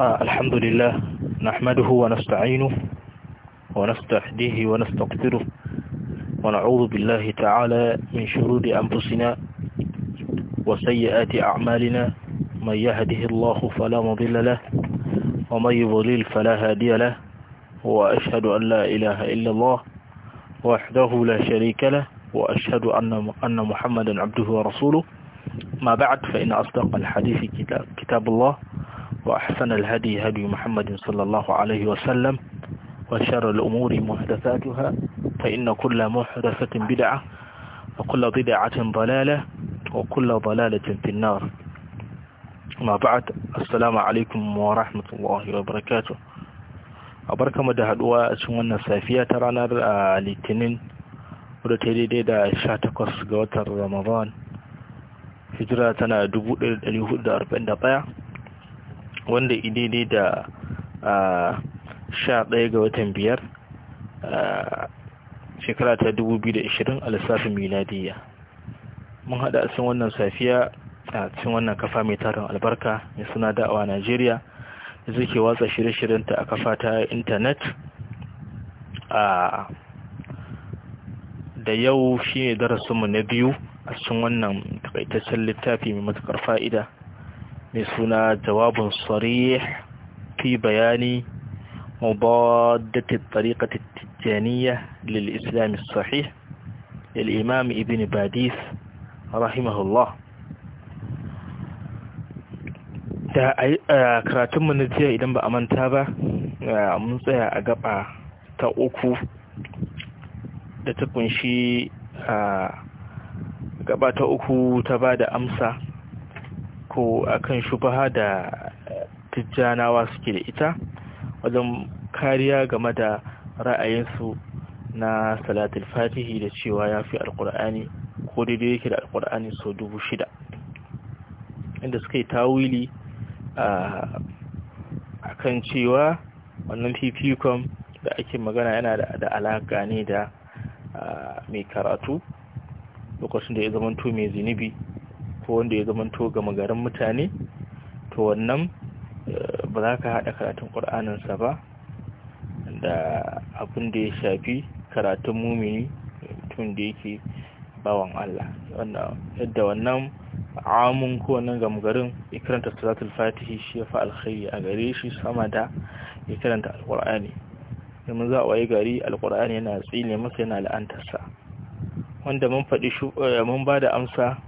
آه الحمد لله نحمده ونستعينه ونستهديه ونستغفره ونعوذ بالله تعالى من شرور أنفسنا وسيئات أعمالنا من يهده الله فلا مضل له ومن يضلل فلا هادي له وأشهد أن لا إله إلا الله وحده لا شريك له وأشهد أن أن محمدا عبده ورسوله ما بعد فإن أصدق الحديث كتاب الله وأحسن الهدي هدي محمد صلى الله عليه وسلم وشر الأمور محدثاتها فإن كل محدثة بدعة وكل بدعة ضلالة وكل ضلالة في النار ما بعد السلام عليكم ورحمة الله وبركاته أبركة مدى هدوى سمونا سافية ترانا آه، لتنين wadda ديدا daidai da sha هجرة تنا دبوء ramadan أربعين tana wanda idaidai da a sha ɗaya ga watan biyar shekara ta 2020 a lissafin miladiya mun haɗa a cikin wannan safiya a cikin wannan kafa mai tarin albarka mai suna da'awa najeriya da ke watsa shirye shiryen ta a kafa ta intanet a da yau shi ne darasinmu na biyu a cikin wannan takaitaccen littafi mai matukar fa'ida mai suna jawabin sarih fi bayani mubaddatit tariqatit tijaniya lil islam sahih lil imam ibn badis rahimahullah da karatun mu na jiya idan ba a manta ba mun tsaya a gaba ta uku da ta kunshi gaba ta uku ta ba da amsa a akan shubaha da tijjanawa suke da ita wajen kariya game da ra'ayinsu na salatul fatihi da cewa ya fi alkur'ani ko daidai yake da alkur'ani so dubu shida inda suka yi tawili a kan cewa wannan fifikon da ake magana yana da alaƙa ne da mai karatu lokacin da ya to mai zinibi. ko wanda ya to gama garin mutane to wannan eh, ba za ka haɗa karatun ƙur'aninsa ba da abin da ya shafi karatun mumini tun da yake bawan Allah yadda wannan amun ko wannan gamgarin ya karanta salatul fatihi shi ya fa alkhairi a gare shi sama da ya karanta alkur'ani za a waye gari alkur'ani yana tsile masa yana la'antarsa wanda mun faɗi eh, mun ba da amsa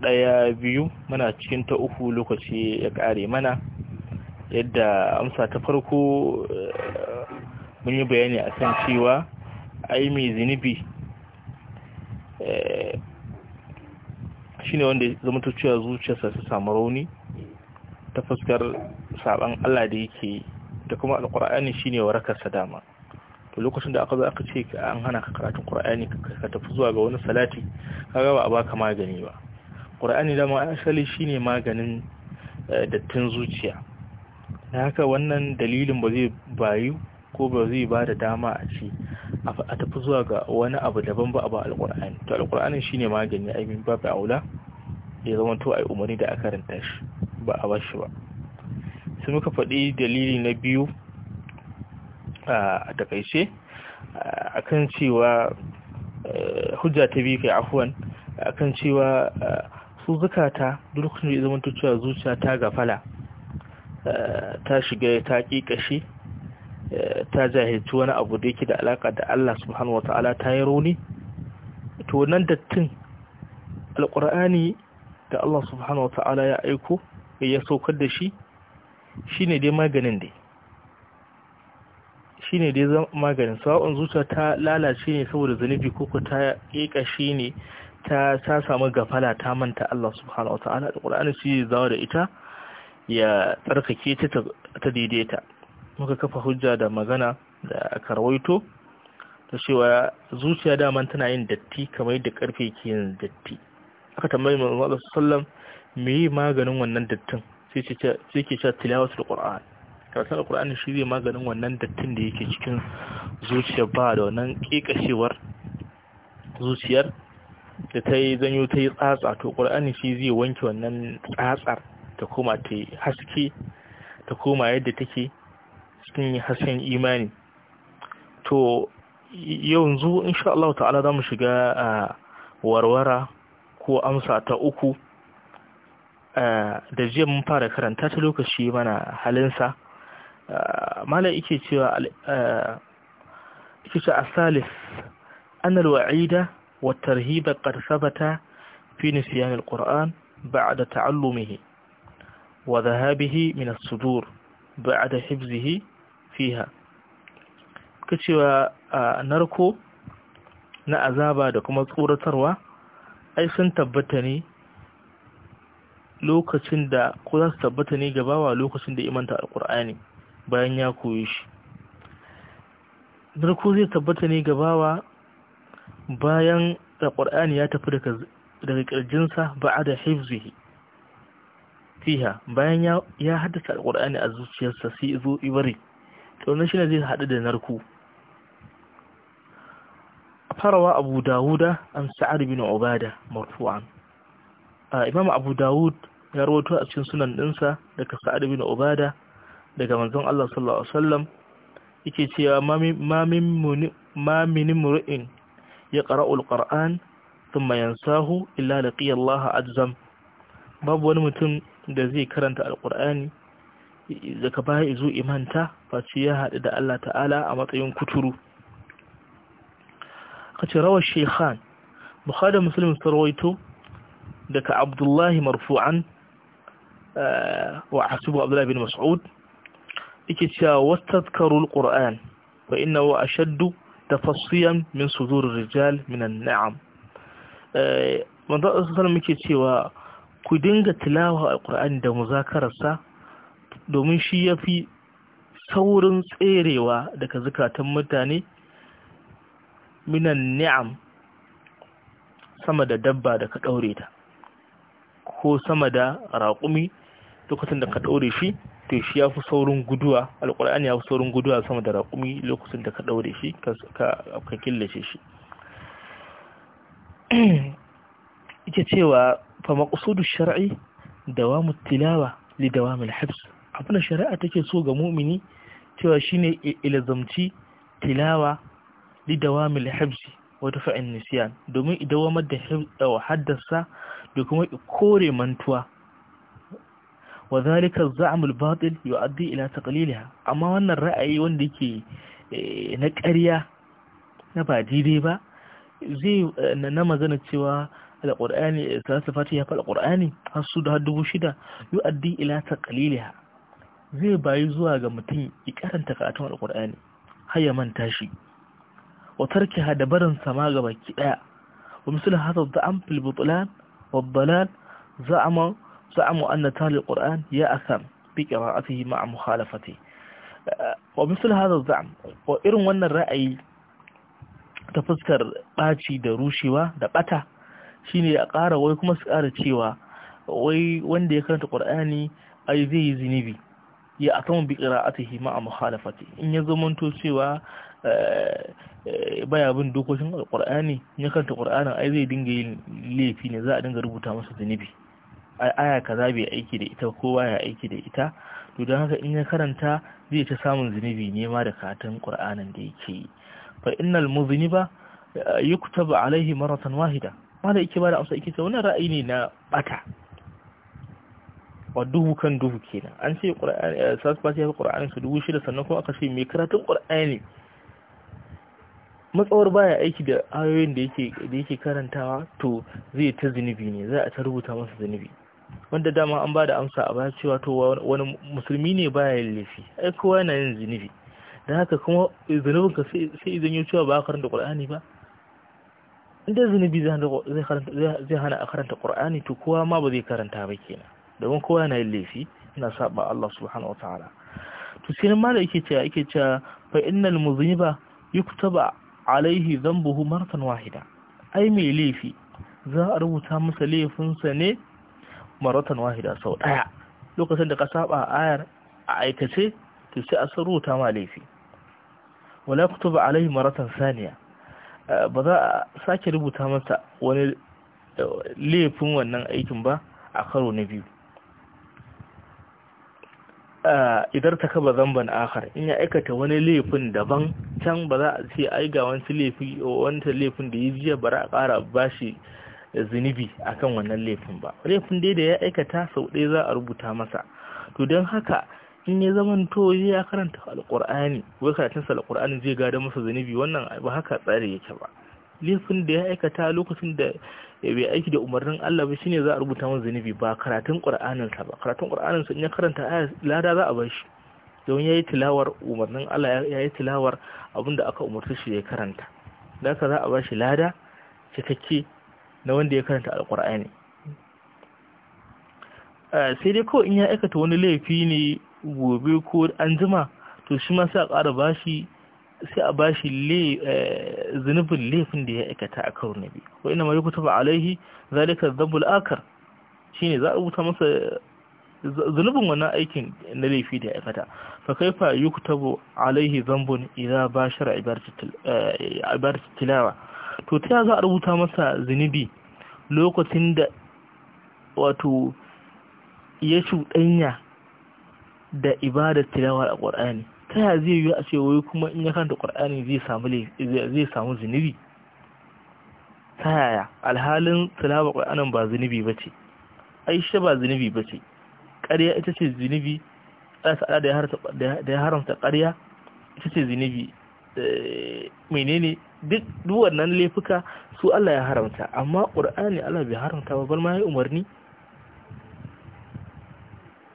ɗaya biyu muna cikin ta uku lokaci ya kare mana yadda amsa ta farko eh, mun yi bayani a kan cewa ai mai zunubi eh, shi ne wanda zamanta cewa zuciyarsa ta samu rauni ta fuskar saban Allah da yake da kuma alkur'ani shi ne wa warakarsa dama to lokacin da aka zo aka ce an hana ka karatun qur'ani ka tafi zuwa ga wani salati kaga ba a baka magani ba qur'ani da ma asali shine maganin eh, dattin zuciya da haka wannan dalilin ba zai bayu ko ba zai ba da dama a ce a tafi zuwa ga wani abu daban ba a ba alƙur'ani to alƙur'ani shine magani a yi babu aula ya zama to a umarni da aka ranta shi ba a ba shi ba sai muka faɗi dalili na biyu a takaice kan cewa eh, hujja ta biyu kai afuwan kan cewa eh, su zukata duk da zuciya ta gafala eh, ta shiga ta kikashe ta jahilci wani abu da yake da alaka da Allah subhanahu Ta'ala ta yi rauni to nan dattin alkur'ani da Allah subhanahu Ta'ala ya aiko ya saukar da shi shi ne dai maganin dai Shi shine dai zama maganin sawa'un zuciya ta lalace ne saboda zunubi koko ta shi ne ta ta samu gafala ta manta Allah subhanahu wata'ala da Qur'ani shi zawo da ita ya tsarkake ta ta daidaita muka kafa hujja da magana da karwaito ta cewa zuciya dama tana yin datti kamar da karfe ke yin datti aka tambayi mai maganin wannan dattin sai ke sha ke cewa tilawatul Qur'ani karatun alkur'ani shi zai maganin wannan dattin da yake cikin zuciyar ba da wannan ƙiƙashewar zuciyar da ta yi zanyo ta yi tsatsa to ƙur'ani shi zai wanke wannan tsatsar ta koma ta yi haske ta koma yadda take cikin hasken imani to yanzu insha Allah ta'ala za mu shiga a warwara ko amsa ta uku da jiya mun fara karanta ta lokaci mana halinsa mala yake cewa eh, yake cewa asalis an wa'ida wa tarhiba qad sabata fi nisyan alquran ba'da ta'allumihi wa dhahabihi min as-sudur ba'da hifzihi fiha kacewa narko na azaba da kuma tsoratarwa ai sun tabbata ne lokacin da ko za su tabbata ne gabawa lokacin da imanta alkur'ani bayan ya koyi shi narko zai tabbata ne gabawa bayan da ƙwar'ani ya tafi daga ƙirjinsa ba a da haifzihi fiha bayan ya haddasa ƙwar'ani a zuciyarsa sai zo ibari taunin shi ne zai haɗu da narko farawa abu dawuda an sa'ad bin obada marfu'an imam abu dawud ya rawato a cikin sunan ɗinsa daga sa'ad bin obada daga manzon Allah sallallahu alaihi wasallam yake cewa ma min ya kara qur'an thumma yansahu illa laqiya azzam babu wani mutum da zai karanta alqur'ani ba baya zo imanta face ya haɗu da Allah ta'ala a matsayin kuturu ce rawar shaykhan bukhari muslim sarwaito daga abdullahi marfu'an eh, wa hasibu abdullahi bin mas'ud yake cewa wastadkarul qur'an fa innahu ashaddu tafassiyan min sudur rijal min an'am eh manzo sallallahu muke cewa ku dinga tilawa alqur'ani da muzakararsa domin shi yafi saurin tserewa daga zakatan mutane minan ni'am sama da dabba da ka daure ta ko sama da raƙumi lokacin da ka daure shi to shi ya fi saurin guduwa alkur'ani ya fi saurin guduwa sama da raƙumi lokacin da ka ɗaure shi ka killace shi ita cewa fa maqsudu shari'i dawamu tilawa li dawamil abin shari'a take so ga mu'mini cewa shine ilazamci tilawa li dawamil wata wata fa'in nisiyan domin idawa da eh, haddasa da kuma kore mantuwa wa zalika za'mul batil yu'addi ila taqliliha amma wannan ra'ayi wanda yake eh, na ƙarya na ba daidai ba zai eh, na magana cewa alqur'ani eh, salatu fatiha fa alqur'ani har su da dubu shida yu'addi ila taqliliha zai bayi zuwa ga mutum ya karanta karatun alqur'ani har ya manta shi wa tarkiha da barin sama ga baki daya wa misal hadha da'am fil butlan wa dalal qur'an ya ma'a mukhalafati wa القرآن hadha بقراءته zam wa irin wannan ra'ayi ta fuskar baci da rushewa da bata shine ya ƙara wai kuma su ƙara cewa wai wanda ya karanta qur'ani ai zai yi zinibi ya akan bi qira'atihi ma'a mukhalafati in ya zamanto cewa baya bin dokokin Qur'ani ya karanta qur'anin ai zai dinga yin laifi ne za a dinga rubuta masa zinibi aya kaza bai aiki da ita ko baya aiki da ita to don haka in ya karanta zai ta samun zunubi ne ma da katin qur'anin da yake fa innal muzniba eh, yuktabu alaihi maratan wahida wanda yake ba da amsa yake wannan ra'ayi ne na bata wa duhu kan duhu kenan an ce qur'ani eh, sas ba ya qur'ani su dubu shida sannan kuma aka ce mai karatun qur'ani matsawar baya aiki da ayoyin da yake da yake karantawa to zai ta zunubi ne za a ta rubuta masa zunubi wanda dama an ba da amsa a baya cewa to wani musulmi ne baya yin laifi ai kowa yana yin zunubi da haka kuma zunubin ka sai idan yau cewa ba a karanta qur'ani ba inda zunubi zai hana a karanta qur'ani to kowa ma ba zai karanta ba kenan domin kowa yana yin laifi yana saba Allah subhanahu ta'ala to sai nan ma da yake cewa yake cewa fa innal muzniba yuktaba alaihi dhanbuhu martan wahida ai mai laifi za a rubuta masa laifinsa ne maratan wahida sau ɗaya lokacin da ka saba ayar a aikace to sai a saruta ma laifi wala kutuba alaihi maratan saniya eh, ba za a sake rubuta masa wani eh, laifin wannan aikin ba a karo na biyu eh, idar ta kaba zamban akar in ya aikata wani laifin daban can ba za a ce aiga wani laifin da ya jiya bara a kara bashi zunubi akan wannan laifin ba laifin dai da ya aikata sau ɗaya za a rubuta masa to don haka in ya zama to ya karanta alƙur'ani wai sa alƙur'ani zai gada masa zunubi wannan ba haka tsari yake ba laifin da ya aikata lokacin da ya bai aiki da umarnin Allah ba shine za a rubuta masa zunubi ba karatun ƙur'aninsa ba karatun sa in ya karanta lada za a bar shi don ya yi tilawar umarnin Allah ya yi tilawar abinda aka umarci shi ya karanta da za a ba shi lada cikakke na wanda ya karanta alkur'ani sai dai kawai in ya aikata wani laifi ne gobe ko an jima to shi ma sai a ƙara bashi sai a bashi eh, zunubin laifin da ya aikata a karo na biyu wa ina mai ba alaihi zalika zambul akar ne za a rubuta masa zunubin wannan aikin na laifi da ya aikata fa kaifa ba alaihi zambun idza bashara ibadatu eh, tilawa to ta za a rubuta masa zunubi lokacin da wato ya cuɗanya da ibadar tilawar a ƙwar'ani ta ya zai yi a ce wai kuma in ya kanta ƙwar'ani zai samu zunubi ta yaya alhalin tilawar ƙwar'anin ba zunubi ba ce aisha ba zunubi ba ce ƙarya ita ce zunubi da ya haramta ƙarya ita ce zunubi Eh, menene duk wannan laifuka su Allah ya haramta amma ƙur'ani Allah bai haramta ba ma ya umarni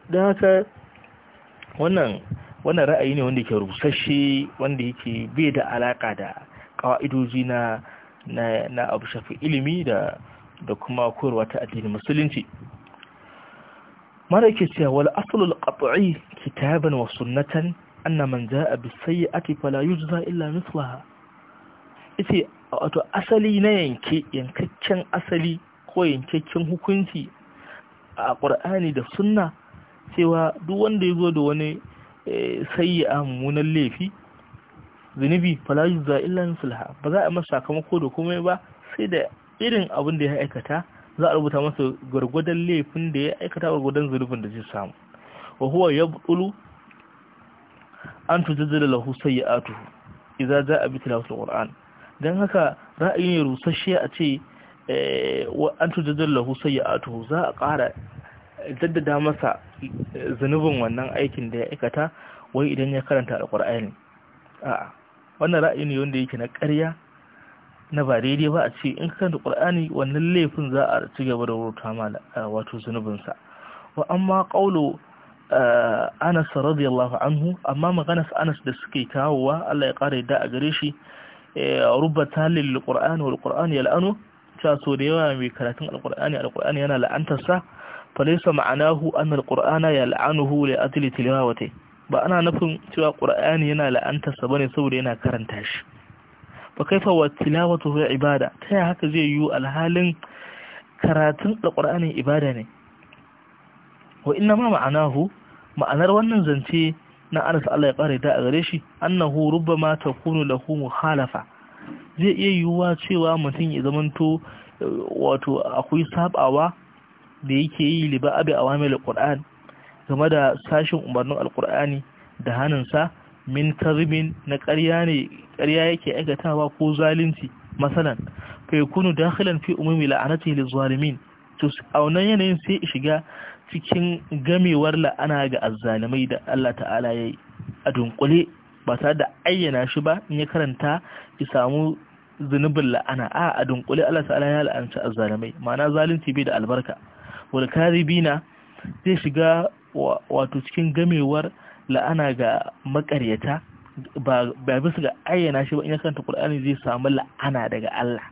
don haka wannan wannan ra'ayi ne wanda ke rusashe wanda yake bai da alaka da kawa'idoji na na abu shafi ilimi da da kuma koyarwa ta addini musulunci mara ke cewa wal aslul qat'i kitaban wa sunnatan anna man bi sayyi'ati fala yujza illa mithlaha ite wato asali na yanke yankaccen asali ko yankaccen hukunci a qur'ani da sunna cewa duk wanda ya zo da wani sayyi'a munan laifi zunubi fala yujza illa mithlaha ba za a masa sakamako da komai ba sai da irin abin da ya aikata za a rubuta masa gargwadon laifin da ya aikata gargwadon zunubin da zai samu wa huwa yabdulu an tuzazzala lahu iza za a bi tilawatil qur'an don haka ra'ayi ne rusasshe a ce eh, wa an tuzazzala lahu sayyi'atuhu za a ƙara daddada masa eh, zunubin wannan aikin da ya aikata wai idan ya karanta alqur'ani a'a wannan ra'ayi ne wanda yake na karya na ba daidai ba a ce in ka karanta qur'ani wannan laifin za a ci gaba da rubuta mala eh, wato zunubinsa wa amma ƙaulo Anas radiyallahu anhu amma maganas Anas da suke kawowa Allah ya ƙara da a gare shi rubata lil qur'ani wal qur'ani yal'anu ta so da yawa mai karatun alqur'ani alqur'ani yana la'antarsa falaysa ma'anahu hu alqur'ana yal'anuhu li ajli tilawati ba ana nufin cewa qur'ani yana la'antarsa bane saboda yana karanta shi fa kaifa wa tilawatu ibada ta haka zai yi alhalin karatun alqur'ani ibada ne wa inna ma ma'anahu ma'anar wannan zance na Anas Allah ya kare da a gare shi annahu rubbama kunu lahu mukhalafa zai iya yiwuwa cewa mutum ya zamanto eh, wato akwai sabawa da yake yi liba abi awamil qur'an game da sashin umarnin alqur'ani da hanansa min karbin na ƙarya ne ƙarya yake aikatawa ko zalunci masalan fa yakunu dakhilan fi umumi la'anati lizalimin to a wannan yanayin sai shiga cikin gamewar la'ana ga azzalimai da Allah ta'ala ya yi a dunkule ba tare da ayyana shi ba in ya karanta ya samu zunubin la'ana a a dunkule Allah ta'ala ya la'anci azzalimai ma'ana zalunci bai da albarka wal na zai shiga wato cikin gamewar la'ana ga makaryata ba bisa ga ayyana shi ba in ya karanta Qur'ani zai samu la'ana daga Allah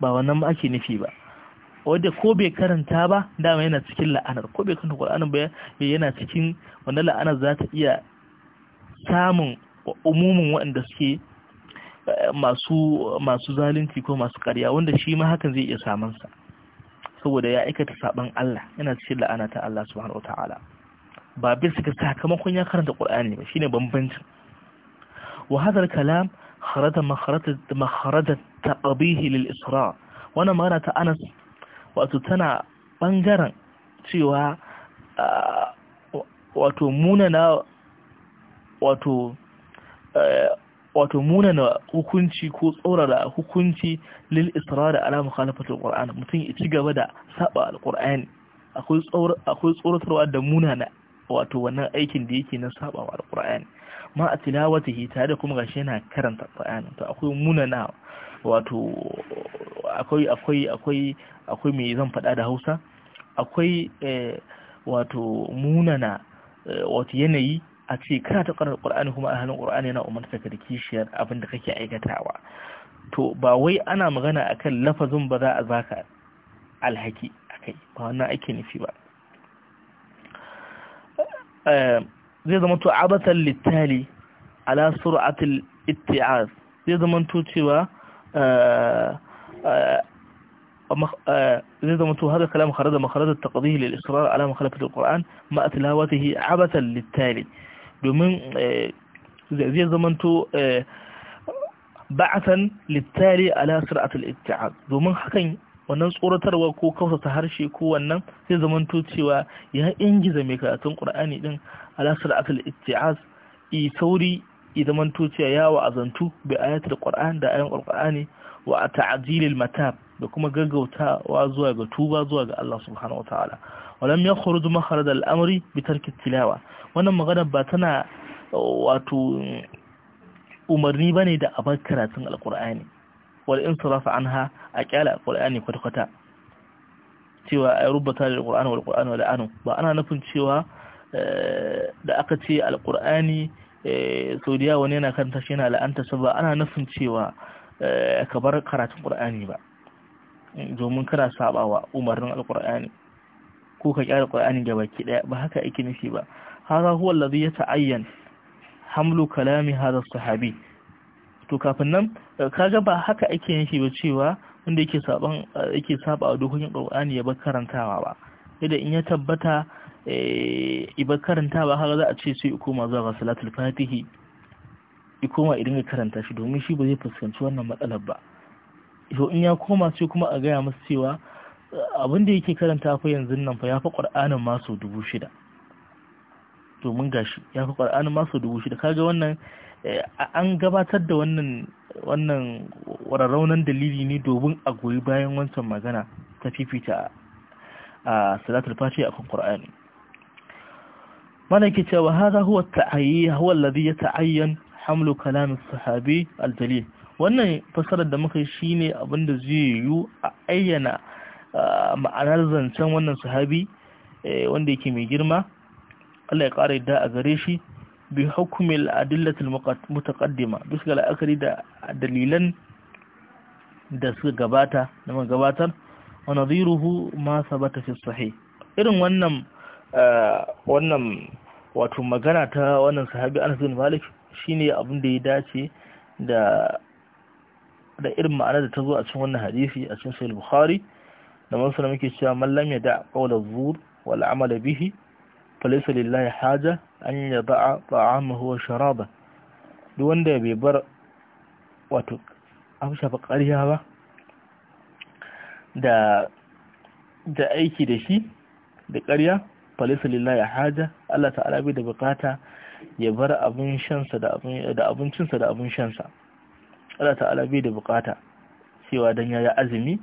ba wannan ake nufi ba wadda ko bai karanta ba dama yana cikin la'anar ko bai karanta ƙwar'anin ba yana cikin wanda la'anar za ta iya samun umumin waɗanda suke eh, masu zalunci ko masu ƙarya wanda shi ma hakan zai iya samunsa saboda ya aikata saɓon Allah yana cikin la'ana ta Allah subhanahu wa ta'ala ba bin suka sakamakon ya karanta ƙwar'ani ba shine bambancin wa hadar kalam kharata makharata ta lil isra wannan magana ta Anas wato tana ɓangaren cewa wato munana wato wato munana hukunci ko tsorara hukunci lil israr ala mukhalafatul qur'an mutum ya ci gaba da saba alqur'ani akwai tsoratarwa da munana wato wannan aikin da yake na saba alqur'ani ma a tilawatihi tare da kuma gashi yana karanta qur'ani to akwai munana wato akwai akwai akwai akwai me zan faɗa da hausa akwai eh, wato munana eh, wato yanayi a ce kana ta ƙarar ƙur'ani kuma ahalin ƙur'ani yana umarta ka da kishiyar abin da kake aikatawa to ba wai ana magana akan lafazin ba za a zaka alhaki akai ba wannan ake nufi ba eh, zai zama to abatan littali ala sur'atil itti'az zai zama to cewa ااا آه، إذا آه، آه، دمتوا هذا كلام خرد مخرد التقضيه للإصرار على مخالفة القرآن ما أتلاوته عبثا للتالي بمن إذا دمتوا بعثا للتالي على سرعة الابتعاد بمن حكين wannan tsoratar wa كو kausa ta harshe ko wannan sai zaman tucewa ya injiza mai karatun Qur'ani din ala sura al idan cewa a zantu bi ayatul qur'an da ayan qur'ani wa ta'jilil matab da kuma gaggautawa zuwa ga tuba zuwa ga Allah subhanahu wataala walam yakhruj makhraj al-amri bi tarki tilawa wannan magana ba tana wato umarni bane da abar karatun alqur'ani wal insiraf anha a kyala alqur'ani kwata-kwata cewa ay rubbata lil-qur'ani wal-qur'ani wal ba ana nufin cewa eh, da aka ce alqur'ani Eh, saudiya wani yana kan tashi yana la'anta su ba ana nufin cewa eh, ka bar karatun ƙur'ani ba eh, domin kana sabawa umarnin alƙur'ani ko ka kyara ƙur'ani ga baki ɗaya ba haka ake nufi ba haka huwa allazi ya ta'ayyan hamlu kalami su sahabi to kafin nan kaga ba haka ake nufi ba cewa wanda yake saban yake sabawa dokokin ƙur'ani ya bar karantawa ba idan in ya tabbata Eh, iba karanta ba haka za a ce sai koma zuwa ga salatul fatihi ya koma idan ya karanta shi domin shi ba zai fuskanci wannan matsalar ba to in ya koma sai kuma a gaya masa cewa eh, abin da yake karanta fa yanzu nan fa ya fi ƙwar'anin maso dubu shida domin gashi ya fi ƙwar'anin maso dubu shida kaga wannan eh, an gabatar da wannan wannan wararraunan dalili ne domin a goyi bayan wancan magana ta fifita a salatul fatiha kan ƙwar'ani malaki cewa hada huwa ta'ayyi huwa alladhi yata'ayyan hamlu kalam as-sahabi al-jalil wannan fasarar da muka yi shine abinda zai yiwu a ayyana ma'anar zancen wannan sahabi eh, wanda yake mai girma Allah ya ƙara yadda a gare shi bi hukumil adillatul mutaqaddima bisa la'akari da dalilan da suka gabata da man gabatar wa nadhiruhu ma sabata fi sahih irin wannan Eh, wannan wato magana ta wannan sahabi Anas bin Malik shine abin da ya dace da da irin ma'anar da ta zo a cikin wannan hadisi a cikin Sahih Bukhari da musulmi muke cewa man lam yada qawla zur wal amala bihi falaysa lillahi haja an yada'a ta'amahu wa sharaba duk wanda bai bar wato karya ba ƙarya ba da da aiki da shi da ƙarya falisa lillahi haja Allah ta'ala bai da bukata ya bar abin shansa da abincinsa da abin shansa Allah ta'ala bai da bukata cewa dan yayi azumi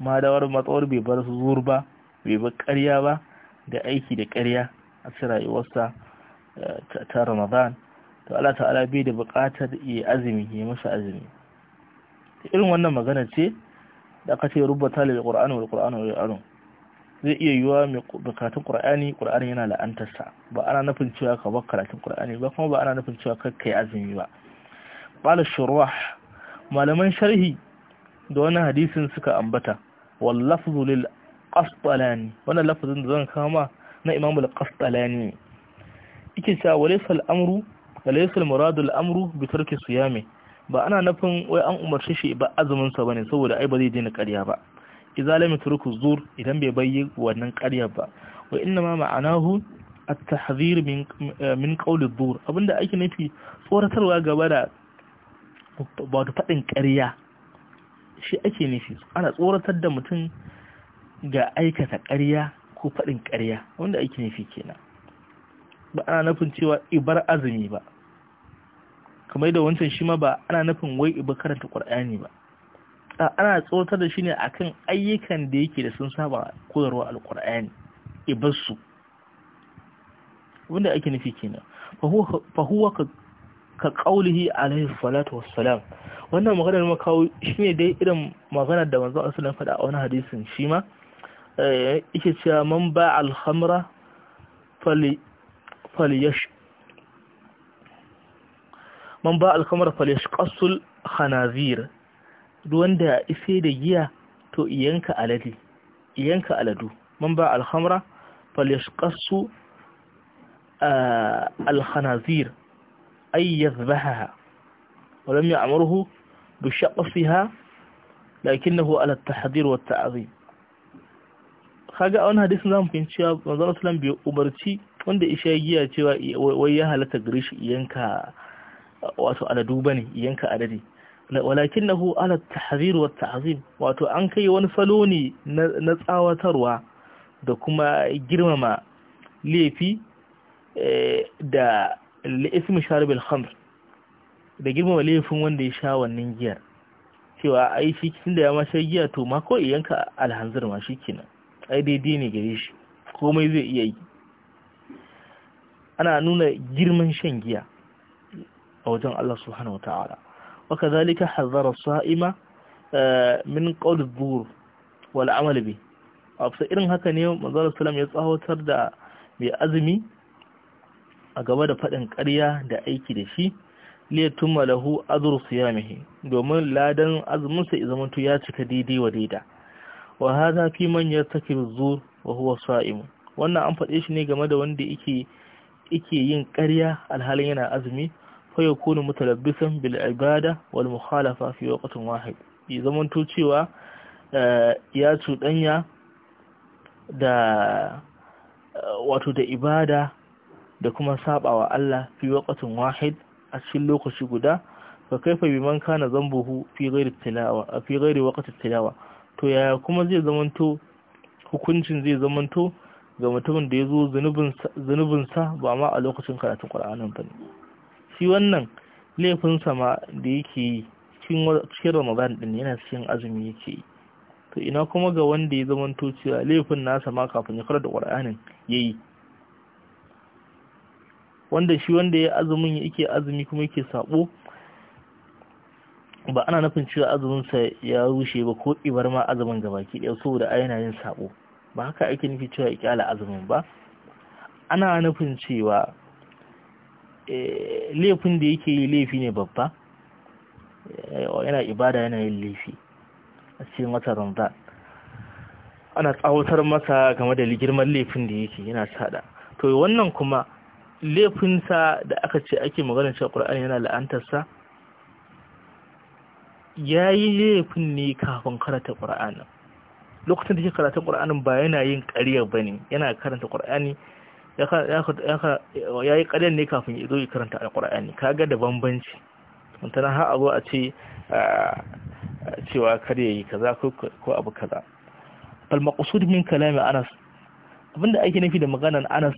ma dawar matsawar bai bar su zuwa ba bai bar ƙarya ba da aiki da ƙarya a cikin rayuwarsa eh, ta Ramadan to Allah ta'ala bai da buƙatar yi azumi yi masa azumi irin wannan magana ce da aka ce rubuta lil Qur'ani wal Qur'anu wal Qur'an zai iya yiwa mai bukatun qur'ani qur'ani yana la'antarsa ba ana nufin cewa ka bar karatun qur'ani ba kuma ba ana nufin cewa kar kai azumi ba Bala shurwah malaman sharhi da wani hadisin suka ambata wal lafzu lil wannan lafazin da zan kama na imam al qastalani yake cewa walaysa al amru walaysa al murad al amru bi tarki siyami ba ana nufin wai an umarce shi ba azumin sa bane saboda ai ba zai daina karya ba idza lam yatruku zur idan bai bayyi wannan ƙaryar ba wa inna ma ma'anahu at-tahdhir min min qawl zur abinda ake nufi tsoratarwa gaba da wato fadin ƙarya shi ake nufi ana tsoratar da mutum ga aikata ƙarya ko fadin ƙarya wanda ake nufi kenan ba ana nufin cewa ibar azumi ba kamar da wancan shi ma ba ana nufin wai ibar karanta ƙur'ani ba ana tsotar da shi ne akan ayyukan da yake da sun saba koyarwa alkur'ani ibarsu wanda ake nufi kenan fa huwa ka qaulihi alaihi salatu wassalam wannan maganar ma kawo shine dai irin maganar da manzo Allah faɗa a wani hadisin shi ma eh, yake cewa man ba al-khamra fali faliyash man ba al-khamra faliyashqasul khanazir ruwan da isa da giya to iyanka alade iyanka aladu man ba alhamra falyashqasu alkhanazir ay yadhbahaha ولم يأمره ala لكنه على التحذير والتعظيم kaga a wani hadisin zamu fahimci cewa manzon sallam bi ubarci wanda isha giya cewa wai ya halata gari shi iyanka wato aladu bane iyanka aladi ولكنه على التحذير والتعظيم واتو ان wato an kai wani salo ne na tsawatarwa da kuma girmama laifi eh, da ismi sharib al-khamr da girmama laifin wanda ya sha wannan giyar cewa ai shi kin da ya ma sha giya to ma ko iyanka alhanzir ma shikenan ai daidai ne gare shi komai zai iya yi ana nuna girman shan giya a wajen Allah subhanahu wa ta'ala وكذلك حذر الصائم من قول الظهور والعمل به abu irin haka ne manzara ya tsawatar da mai azumi a gaba da faɗin karya da aiki da shi liyatun malahu azur siyamihi domin ladan azuminsa izamantu ya cika daidai wa daida wa haza fi man yartakib zur wa huwa wannan an faɗe shi ne game da wanda yake yin karya alhalin yana azumi fayakunu mutalabbisan bil ibada wal mukhalafa fi waqtin wahid ya to cewa ya cuɗanya da wato da ibada da kuma sabawa Allah fi waqtin wahid a cikin lokaci guda fa kaifa biman kana zambuhu fi ghairi tilawa fi ghairi waqti tilawa to ya kuma zai to hukuncin zai zamanto ga mutumin da ya zo zunubinsa ba ma a lokacin karatun ƙwararren ba ne shi wannan laifin sama da yake yi cikin cikin ramadan din yana cikin azumi yake yi to ina kuma ga wanda ya zama cewa laifin nasa ma kafin ya karanta qur'anin yayi wanda shi wanda ya azumin yake azumi kuma yake sabo ba ana nufin cewa azuminsa ya rushe ba ko ibar ma azumin gabaki ɗaya saboda a yana yin sabo ba haka ake nufi cewa ya kyala azumin ba ana nufin cewa Eh, laifin da yake yi laifi ne babba eh, yana ibada yana yin laifi a cikin wata ramadan ana tsawatar masa game da girman laifin da yake yana sada to wannan kuma laifinsa da aka ce ake magana cewa ƙur'ani yana la'antarsa ya yi laifin ne kafin karanta ƙur'anin lokacin da ke karanta ƙur'anin ba yana yin ƙarya ba ne yana karanta ƙur'ani ya yi ƙaryar ne kafin ya zo yi karanta alƙur'ani kaga da bambanci mutanen har abu a ce cewa karye yi kaza ko abu kaza bal min kalamin anas abinda ake nufi da maganar anas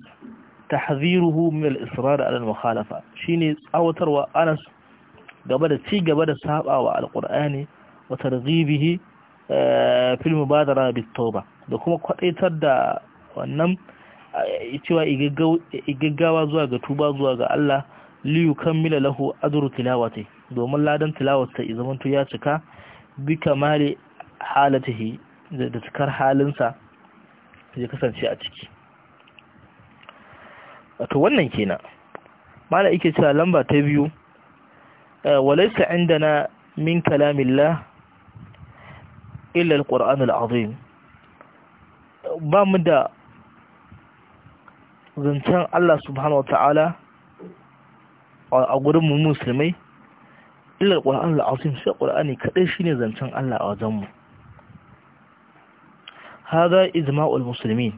ta min mil israr alal mukhalafa shine tsawatarwa anas gaba da ci gaba da sabawa alqur'ani wa targhibihi eh, fil mubadara bit tauba da kuma kwadaitar da wannan cewa igaggawa zuwa ga tuba zuwa ga Allah liyu kammila lahu ajru tilawati domin ladan tilawata izaman ya cika bi kamali halatihi da cikar halinsa ya kasance a ciki to wannan kenan mala yake cewa lamba ta biyu eh, walaysa indana min kalamillah illa alquran azim ba mu da zancen Allah subhanahu wa ta'ala a gudun mu musulmai illar ƙwar'an shi sai ƙwar'ani kaɗai shi ne zancen Allah a wajenmu haza izma’ul musulmi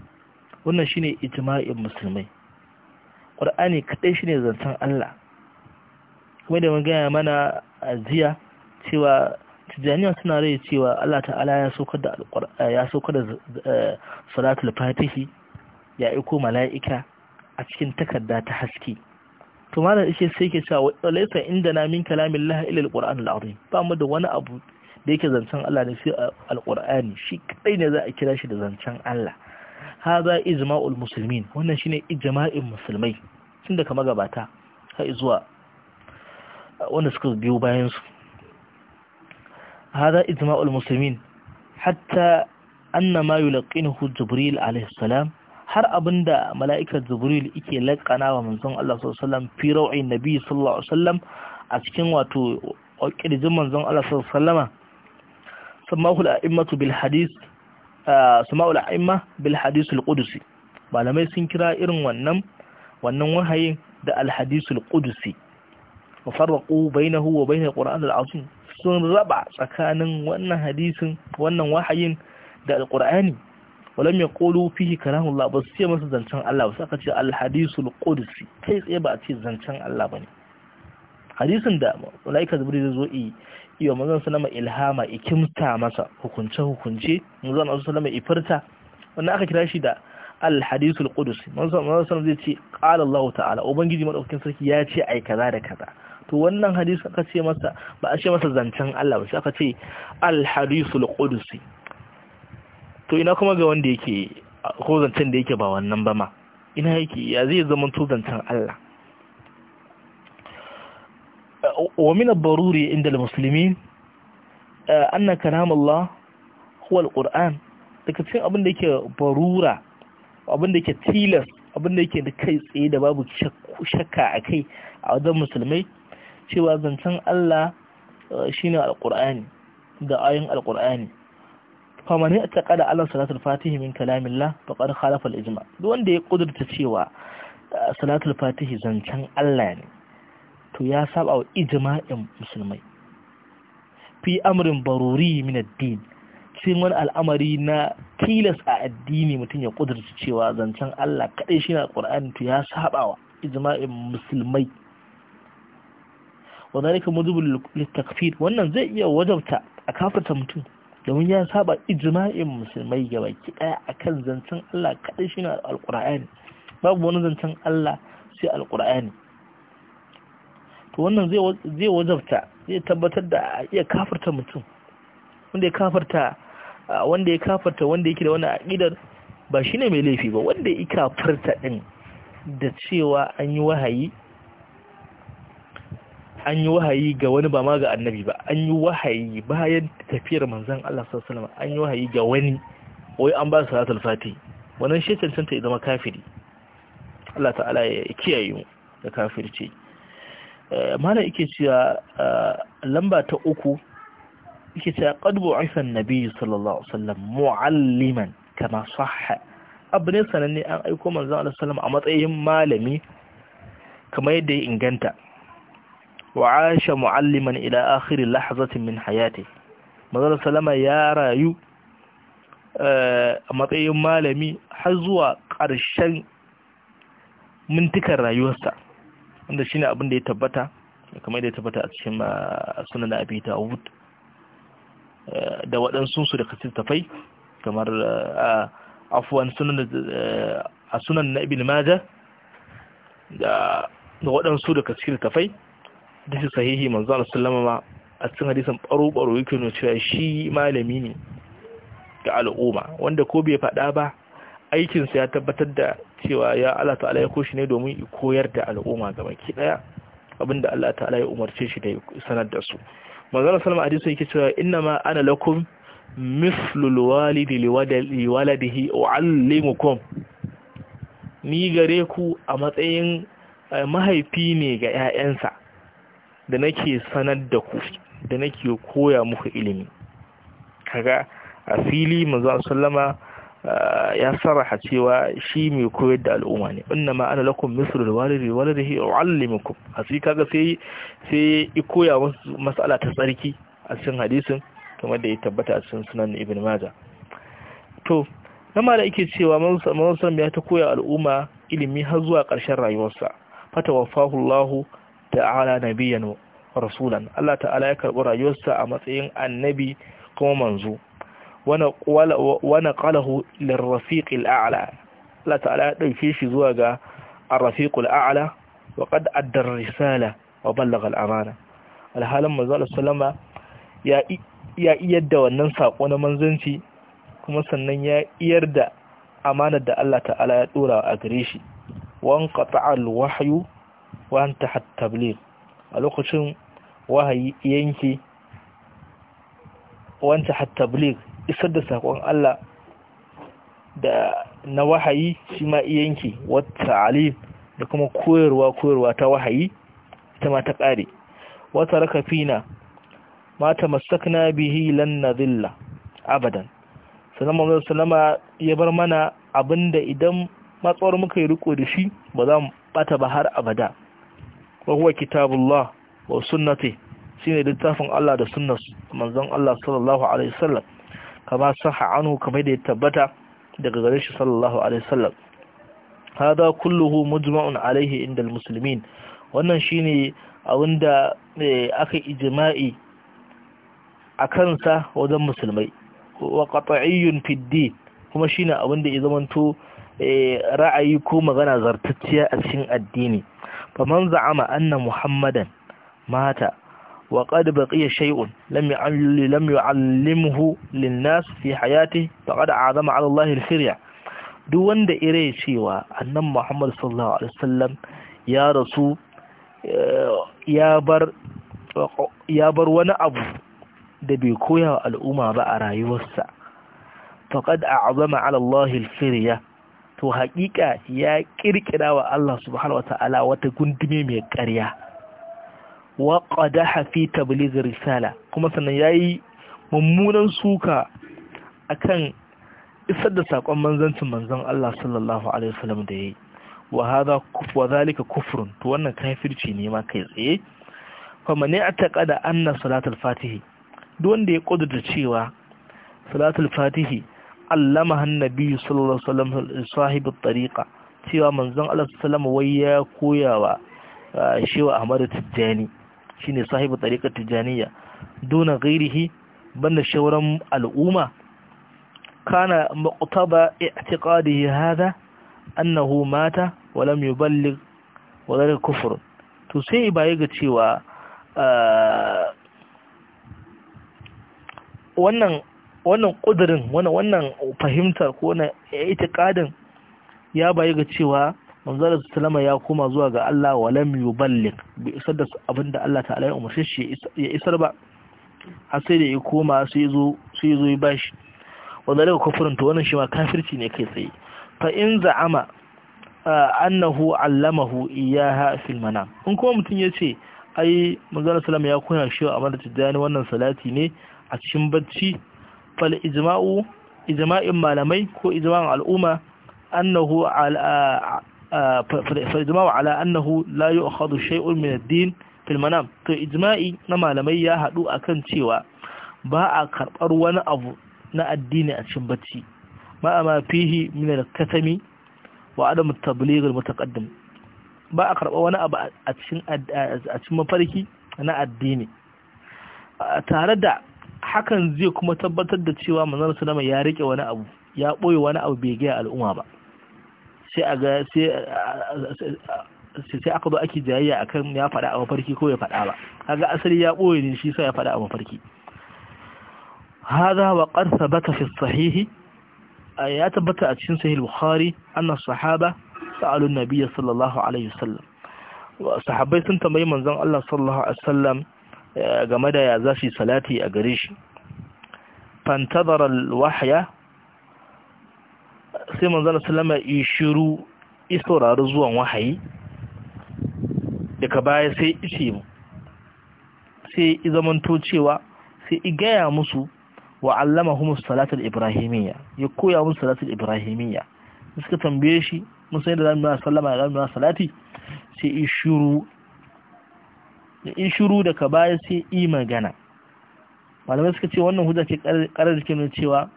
wannan shi ne ijma'in musulmai ƙwar'ani kaɗai shi ne zancen Allah kuma da mun gaya mana a jiya cewa tijjaniya suna rai cewa Allah ta'ala ya saukar da salatul eh, fatihi ya iko mala'ika a cikin takarda ta haske to malam ishe sai ke cewa laisa inda na min kalamin laha ila alquran alazim ba mu da wani abu da yake zancen Allah ne sai alqur'ani shi kadai ne za a kira shi da zancen Allah hadha ijma'ul muslimin wannan shine ijma'in musulmai tun da kamar gabata har zuwa wanda suka biyo bayan su hadha ijma'ul muslimin hatta anna ma yulqinuhu jibril alayhi salam har abin da mala'ikar jibril ike laƙana wa manzon Allah sallallahu alaihi wasallam fi nabi sallallahu alaihi wasallam a cikin wato kirjin manzon Allah sallallahu alaihi wasallama bil hadith al qudusi malamai sun kira irin wannan wannan wahayin da al hadith al qudusi wa bainahu wa bain al qur'an al azim sun raba tsakanin wannan hadisin wannan wahayin da al qur'ani walam ya kolo fihi kalamun Allah ba su ce masa zancen Allah ba aka ce alhadisul qudsi kai tsaye ba a ce zancen Allah bane hadisin da malaika zubri zai zo yi iya manzon sallama ilhama ikimta masa hukunce hukunce manzon sallama ifirta wannan aka kira shi da alhadisul qudsi manzon sallama zai ce qala Allah ta'ala ubangiji madaukakin sarki ya ce ai kaza da kaza to wannan hadisi aka ce masa ba a ce masa zancen Allah ba sai aka ce alhadisul qudsi to ina kuma ga wanda yake ko zancen da yake ba wannan ba ma ina yake ya zai zama to zancen Allah wa min al-baruri inda al-muslimin eh, anna kalam huwa al-Qur'an daga cikin abin da yake barura abin da yake tilas abin da yake da kai tsaye da babu shakka a kai a wajen musulmai cewa zancen Allah eh, shine al-Qur'ani da ayin al-Qur'ani faman ya taqada ala salatul fatihi min kalamillah faqad khalafa al-ijma duk wanda ya kudurta cewa salatul fatihi zancen Allah ne to ya saba wa ijma'in musulmai fi amrin baruri min ad-din cikin wani al'amari na tilas a addini mutum ya kudurta cewa zancen Allah kadai shi na Qur'ani to ya saba wa ijma'in musulmai wa zalika mujibul litakfir wannan zai iya wajabta a kafirta mutum domin ya saba ijma'in musulmai ga baki daya akan zancen Allah kadai shine alqur'ani babu wani zancen Allah sai alqur'ani to wannan zai zai wajabta zai tabbatar da iya kafirta mutum wanda ya kafirta wanda ya kafirta wanda yake da wani aqidar ba shine mai laifi ba wanda ya kafarta ɗin, da cewa an yi wahayi an yi wahayi ga wani ba ma ga annabi ba an yi wahayi bayan tafiyar manzan Allah sallallahu alaihi an yi wahayi ga wani wai an ba su salatul fati wannan shi cancanta ya zama kafiri Allah ta'ala ya kiyaye mu da kafirci eh, mana yake cewa eh, lamba ta uku yake cewa qadbu bu'itha annabi sallallahu alaihi wasallam mu'alliman kama sahha abu ne sananne an aiko manzan Allah sallallahu alaihi wasallam a matsayin malami kamar yadda ya inganta wa aisha mu'alliman ila akhiri lahzatin min hayati manzon salama ya rayu a matsayin malami har zuwa ƙarshen mintukan rayuwarsa wanda shine abin da ya tabbata kamar da ya tabbata a cikin sunan abi dawud da waɗansu su da kasitafai kamar afuwan sunan a sunan na ibn majah da waɗansu da kasitafai dashi sahihi manzo Allah sallama ma a cikin hadisin baro-baro yake nuna cewa shi malami ne ga al'umma wanda ko bai faɗa ba aikin sa ya tabbatar da cewa ya Allah ta'ala ya koshi ne domin ya koyar da al'umma ga baki daya abinda Allah ta'ala ya umarce shi da sanar da su manzo Allah sallama hadisi yake cewa inna ma ana lakum mislul walidi waladihi uallimukum ni gare ku a matsayin eh, mahaifi ne ga 'ya'yansa da nake sanar da ku da nake koya muku ilimi kaga a fili manzon sallama ah, ya saraha cewa shi mai koyar da al'umma ne inna ma ana lakum mislu walidi walidihi uallimukum asi kaga sai sai i koya musu mas'ala ta tsarki a cikin hadisin kamar da ya tabbata a cikin sunan ibn maja to nama da yake cewa manzon sallam ya ta koya al'umma ilimi har zuwa ƙarshen rayuwarsa fatawafahu Allahu ta'ala nabiyan rasulan Allah ta'ala ya karɓi rayuwarsa a matsayin annabi kuma manzo wana qalahu lirrafiq al'a Allah ta'ala ya ɗauke shi zuwa ga arrafiƙul a'ala wa ƙad addar risala wa ballaga al'amana alhalan manzo sallama ya iyar da wannan saƙo na manzanci kuma sannan ya iyar da amanar da Allah ta'ala ya dora a gare shi wan qata'al wahyu wa an ta a lokacin wahayi yanki wanta hatta isar da sakon Allah da na wahayi shi ma iyanki wata alim da kuma koyarwa koyarwa ta wahayi ita ma ta ƙare wata rakafina mata masakna bihi lan nadilla abadan sannan sallama ya bar mana abinda idan matsawar muka yi riko da shi ba za mu bata ba har abada wa huwa kitabullah wa sunnati shine littafin Allah da sunnar manzon Allah sallallahu alaihi wasallam kama sahha anhu kamar da ya tabbata daga gare shi sallallahu alaihi wasallam hada kulluhu mujma'un alaihi inda almuslimin wannan shine abinda eh, aka ijma'i akan sa wajen musulmai wa qat'iyyun fi din kuma shine abinda ya zamanto Eh, ra'ayi ko magana zartacciya a cikin addini faman za'ama anna muhammadan mata wa qad baqiya shay'un lam yu'allim lam yu'allimhu lin-nas fi hayatihi faqad a'zama 'ala Allah al-khirya duk wanda ire cewa annan muhammad sallallahu alaihi wasallam ya rasu eh, ya bar ya bar wani abu da bai koya wa al'umma ba a rayuwarsa faqad a'zama 'ala Allah al-khirya to haƙiƙa ya ƙirƙira wa Allah subhanahu wa ta'ala wata gundume mai ƙarya wa qadaha fi tabligh risala kuma sannan yi mummunan suka akan isar da sakon manzancin manzon Allah sallallahu alaihi wasallam da yayi wa hadha wa zalika kufrun to wannan kafirci ne ma kai tsaye fa man ya'taqada anna salatul fatihi duk wanda ya kudurta cewa salatul fatihi allamaha nabi sallallahu alaihi wasallam sahibi tariqa cewa manzon Allah sallallahu wai ya koyawa wa Ahmad Tijani shine sahibi tariqa Tijjaniya duna ghairihi banda shawaran al'umma kana muqtaba i'tiqadihi hada annahu mata wa lam yuballigh wa dhalika kufr to sai baye ga cewa wannan wannan ƙudurin wannan fahimtar ko ita itikadin ya bayi ga cewa manzara salama ya koma zuwa ga Allah walam ballin bai isar da abin da Allah ta'ala ya umarci shi ya isar ba har sai da ya koma su yi zo ya bashi wanda daga kufurin to wannan shi ma kafirci ne kai tsaye fa in za'ama annahu allamahu iyaha fil manam in kuma mutum ya ce, ai manzara salama ya koya shi a madadin wannan salati ne a cikin bacci fal ijma'u ijma'in malamai ko ijma'in al'umma annahu ala fal ijma'u ala annahu la yu'khadhu shay'un min ad-din fil manam to ijma'i na malamai ya hadu akan cewa ba a karbar wani abu na addini a cikin bacci ma ma fihi min al-katami wa adam at-tabligh al-mutaqaddim ba a karba wani abu a cikin a cikin mafarki na addini tare da hakan zai kuma tabbatar da cewa manzon sallama ya rike wani abu ya boye wani abu bai ga al'umma ba sai a ga sai aka zo ake jayayya akan ya faɗa a mafarki ko ya faɗa ba kaga asali ya boye ne shi sai ya faɗa a mafarki هذا وقد ta fi sahihi ya tabbata a cikin sahih bukhari anna sahaba sa'alu nabiyyi sallallahu alaihi wasallam sahabbai sun tambayi manzon Allah sallallahu alaihi wasallam Eh, game da ya za salati a gare shi fantazar alwahya sai manzana salama yi shiru isaurari zuwan wahayi daga baya sai ishe mu sai zamanto cewa sai igaya musu wa allama humus salatul ibrahimiyya ya koya musu salatul ibrahimiyya suka tambaye shi musayin da zamu sallama da zamu salati sai shiru ya yi shiru daga baya sai yi magana malamai suka ce wannan hujja ce karar da cewa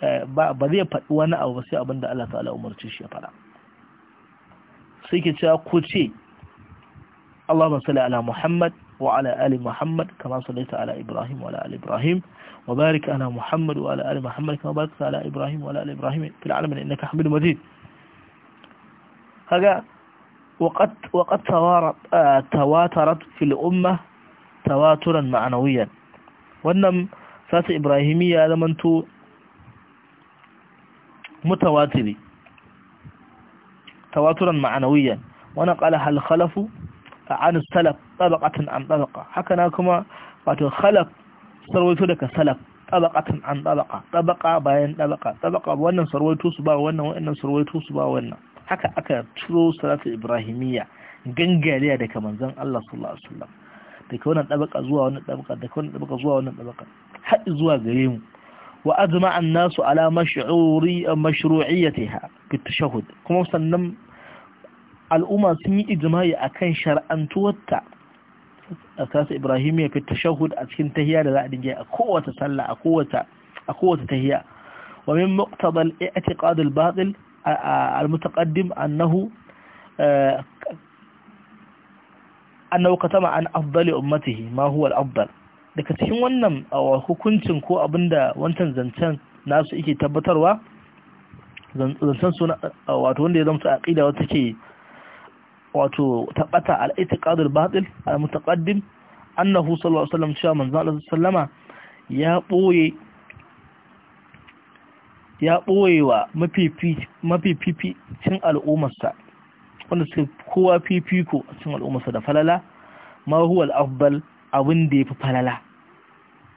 eh, ba zai faɗi wani abu sai abin da Allah ta'ala umarci shi ya faɗa sai ke cewa ku ce Allahumma salli ala Muhammad wa ala ali Muhammad kama sallaita ala Ibrahim wa ala ali Ibrahim wa barik ala Muhammad wa ala ali Muhammad kama barakta ala Ibrahim wa ala ali Ibrahim fil alamin innaka Hamidum Majid kaga وقد وقد آه، تواترت في الأمة تواترا معنويا وانم فات إبراهيمية لمنتو متواتري تواترا معنويا وانا قال هل خلف عن السلف طبقة عن طبقة كما قد الخلف سرويت لك سلف طبقة عن طبقة طبقة بين طبقة طبقة وانا سرويتو سبا وانا وانا سرويتو سبا وانا, haka aka turo salatu ibrahimiyya gangariya daga manzon Allah sallallahu alaihi wasallam daga wannan dabaka zuwa wannan dabaka daga wannan dabaka zuwa wannan dabaka har zuwa gare mu wa ajma an-nasu ala mash'uri mashru'iyyatiha fi tashahhud kuma sannan al'umma sun yi ijma'i akan shar'antuwarta salatu ibrahimiyya fi tashahhud a cikin tahiyya da za a dinga a kowace sallah a kowace a kowace tahiyya wa min muqtada al-i'tiqad al-batil المتقدم أنه أنه كتم عن أفضل أمته ما هو الأفضل daga cikin wannan hukuncin ko abinda wancan zancen nasu yake tabbatarwa zancen suna wato wanda ya zamta wata ke wato tabbata al-i'tiqadul batil al cewa ya ɓoye ya ɓoyewa mafificin al'ummarsa wanda suka kowa fifiko a cikin al'ummarsa da falala ma huwa al'abbal abin da ya fi falala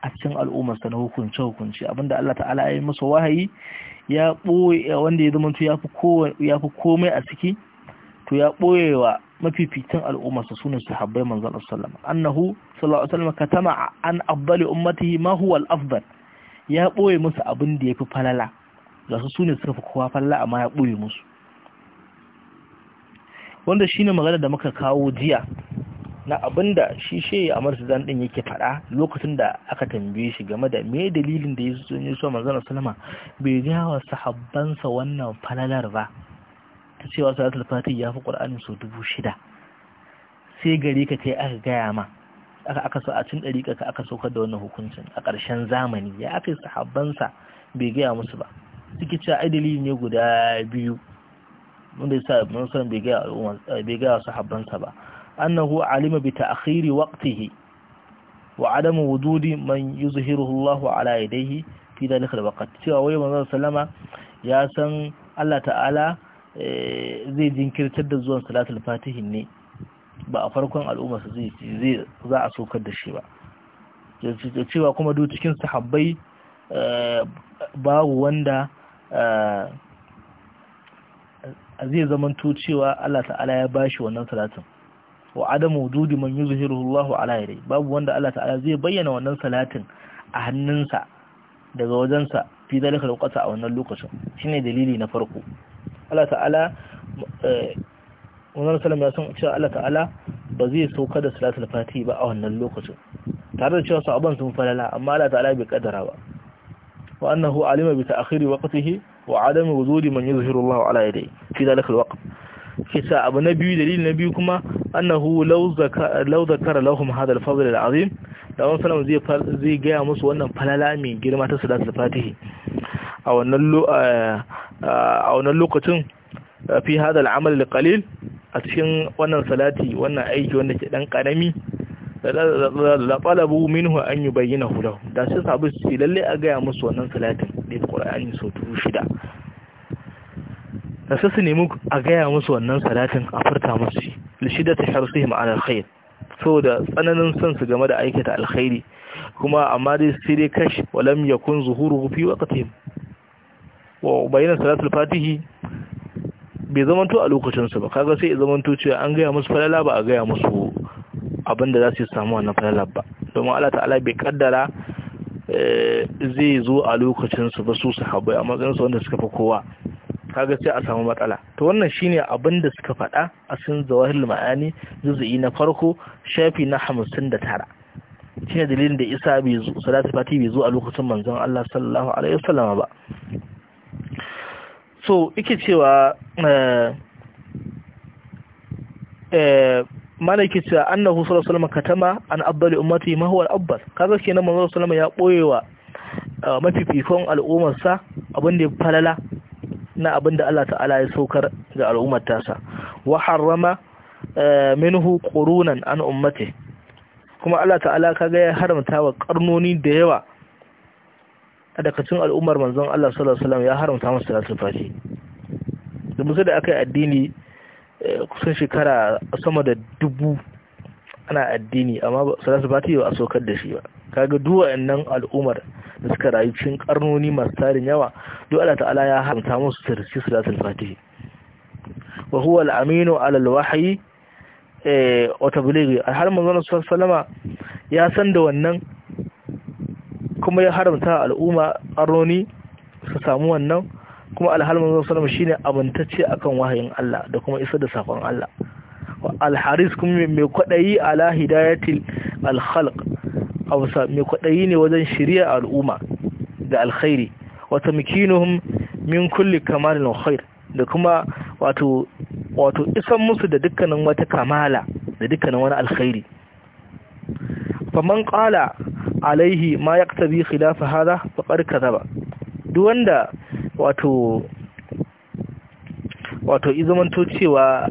a cikin al'ummarsa na hukunce hukunce da Allah ta'ala ya yi masa wahayi ya ɓoye wanda ya zama ya fi komai a ciki to ya ɓoyewa mafificin al'ummarsa su ne habbai manzan Absallam annahu sallallahu alaihi wasallam katama an afdali ummatihi ma afbal ya ɓoye musu abin da ya fi falala ga su ne suka fi kowa falla amma ya ɓoye musu wanda shine magana da muka kawo jiya na abinda shi shehi Amar Sudan din yake fada lokacin da aka tambaye shi game da me dalilin da ya ne so manzon salama, bai ga wa sahabbansa wannan falalar ba ta cewa Fati ya fi ƙur'anin su dubu shida. sai gare ka kai aka gaya ma aka aka so a cin dariƙa ka aka saukar da wannan hukuncin a ƙarshen zamani ya aka sahabbansa bai gaya musu ba suke cewa dalili ne guda biyu wanda yasa ibn bai ga bai ga ba annahu alima bi ta'khiri waqtihi wa adamu wududi man yuzhiruhu Allah ala yadayhi fi dalika alwaqt cewa wai manzon sallama ya san Allah ta'ala eh, zai jinkirtar da zuwan salatul fatihi ne ba a farkon al'umma su zai zai za a sokar da shi ba cewa kuma duk cikin sahabbai eh, babu wanda Eh, zai zamanto cewa Allah ta'ala ya bashi wannan salatin wa adamu wujudi man yuzhiru Allahu ala yadayhi babu wanda Allah ta'ala zai bayyana wannan salatin a hannunsa daga wajensa fi dalika lokaci a wannan lokacin shine dalili na farko Allah ta'ala wannan eh, sallama ya san cewa Allah ta'ala ba zai sauka da salatul fatihi ba a wannan lokacin tare da cewa sahabban sun falala amma Allah ta'ala bai kaddara ba وأنه علم بتأخير وقته وعدم وجود من يظهر الله على يديه في ذلك الوقت كساء أبو نبي دليل نبيكما أنه لو ذكر, لهم هذا الفضل العظيم لو أنفلهم زي, زي جاء مصر وأنهم فلالامي جرمة صلاة الفاتحة أو أن قتن في هذا العمل القليل أتشن وأن صلاتي وأن أيجي وأن كدن قرمي laɓalabu minhu an yi bayyana hulahu da su sabu su lalle a gaya musu wannan salatin da ya ƙura'ani sau dubu shida da su su nemi a gaya musu wannan salatin a furta musu shi lishida ta shar su hima alkhair so da tsananin son su game da aikata alkhairi kuma amma dai sai dai kash walam yakun zuhuru fi waqtihim wa bayyana salatul fatihi bai zamanto a lokacinsu ba kaga sai ya zamanto cewa an gaya musu falala ba a gaya musu abinda za su samu wannan falalar ba domin Allah ta'ala bai kaddara eh, zai zo a lokacinsu ba su sahabbai a su wanda suka fi kowa kaga sai a samu matsala to wannan shine abin da suka faɗa a cikin zawahirul ma'ani juz'i na farko shafi na 59 shine dalilin da Isa bai zo salatu fati bai zo a lokacin manzon Allah sallallahu alaihi Wasallama ba so yake cewa eh eh malaki ce annahu sallallahu alaihi wasallam katama an afdali ummati ma huwa al-afdal kaga kenan manzo sallallahu alaihi wasallam ya boyewa uh, mafifikon al'ummar sa abin da ya falala na abin da Allah ta'ala ya saukar ga al'ummar tasa wa harrama uh, minhu qurunan an ummati kuma Allah ta'ala kaga ya haramta wa karnoni da yawa daga cikin al'ummar manzon Allah sallallahu alaihi wasallam ya haramta musu salatul fati da musu da akai addini Eh, kusan shekara sama da dubu ana addini amma ba fati ba a saukar da shi ba kaga duwa nan al'ummar da suka rayu cikin karnoni masu tarin yawa duk ala ta'ala ya haramta musu su rici salatul fatihi wa huwa al-aminu ala al-wahyi eh, wa tablighi har manzon sallama ya san da wannan kuma ya haramta al'umma karnoni su samu wannan kuma alhalin salama shi ne abintacce akan wahayin Allah da kuma isar da safon Allah alharis kuma mai kwaɗayi ala hidayatil alhalq hausa mai kwaɗayi ne wajen shirya al'umma da alkhairi wata mikinuhum min kulli kamalin khair da kuma wato wato isan musu da dukkanin wata kamala da dukkanin wani alkhairi faman qala alaihi ma yaktabi khilafa hada faqad kadaba duk wanda wato wato izamanto cewa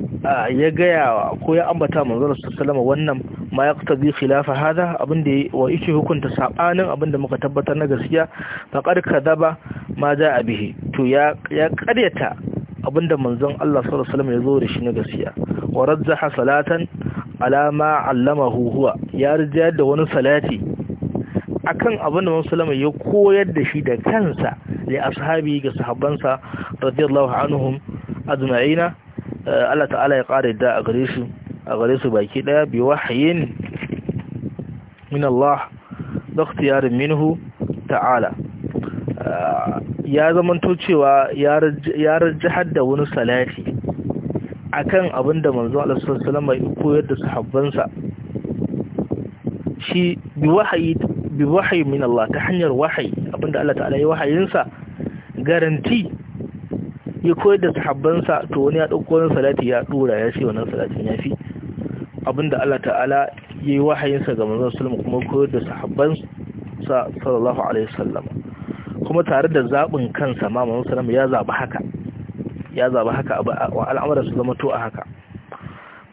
ya gaya ko ya ambata manzon sallama wannan ma ya kuta bi khilafa hada da wa yake hukunta sabanin abinda muka tabbatar na gaskiya faqad kadaba ma a bihi to ya ya karyata abinda manzon Allah sallallahu alaihi wasallam ya zo da shi na gaskiya wa razzaha salatan ala ma allamahu huwa ya rijiyar da wani salati akan da manzon sallallahu ya koyar da shi da kansa li ashabi ga sahabbansa radiyallahu anhum ajma'ina Allah ta'ala ya kare da a gare su a gare su baki daya bi wahyin min Allah da ikhtiyarin minhu ta'ala ya zamanto cewa ya rajahar da wani salati akan abin da manzo Allah sallallahu alaihi koyar da sahabbansa shi bi wahayi bi wahayi min Allah ta hanyar wahayi abinda Allah ta'ala ya wahayinsa garanti ya koyar da sahabbansa to wani ya ɗauko wani salati ya ɗora ya ce wannan salatin ya fi abinda Allah ta'ala ya yi wahayinsa ga manzon sulma kuma koyar da sahabbansa sallallahu alaihi wasallam kuma tare da zaɓin kansa ma manzon sulma ya zaɓi haka ya zaɓi haka wa al'amuran su zama to a haka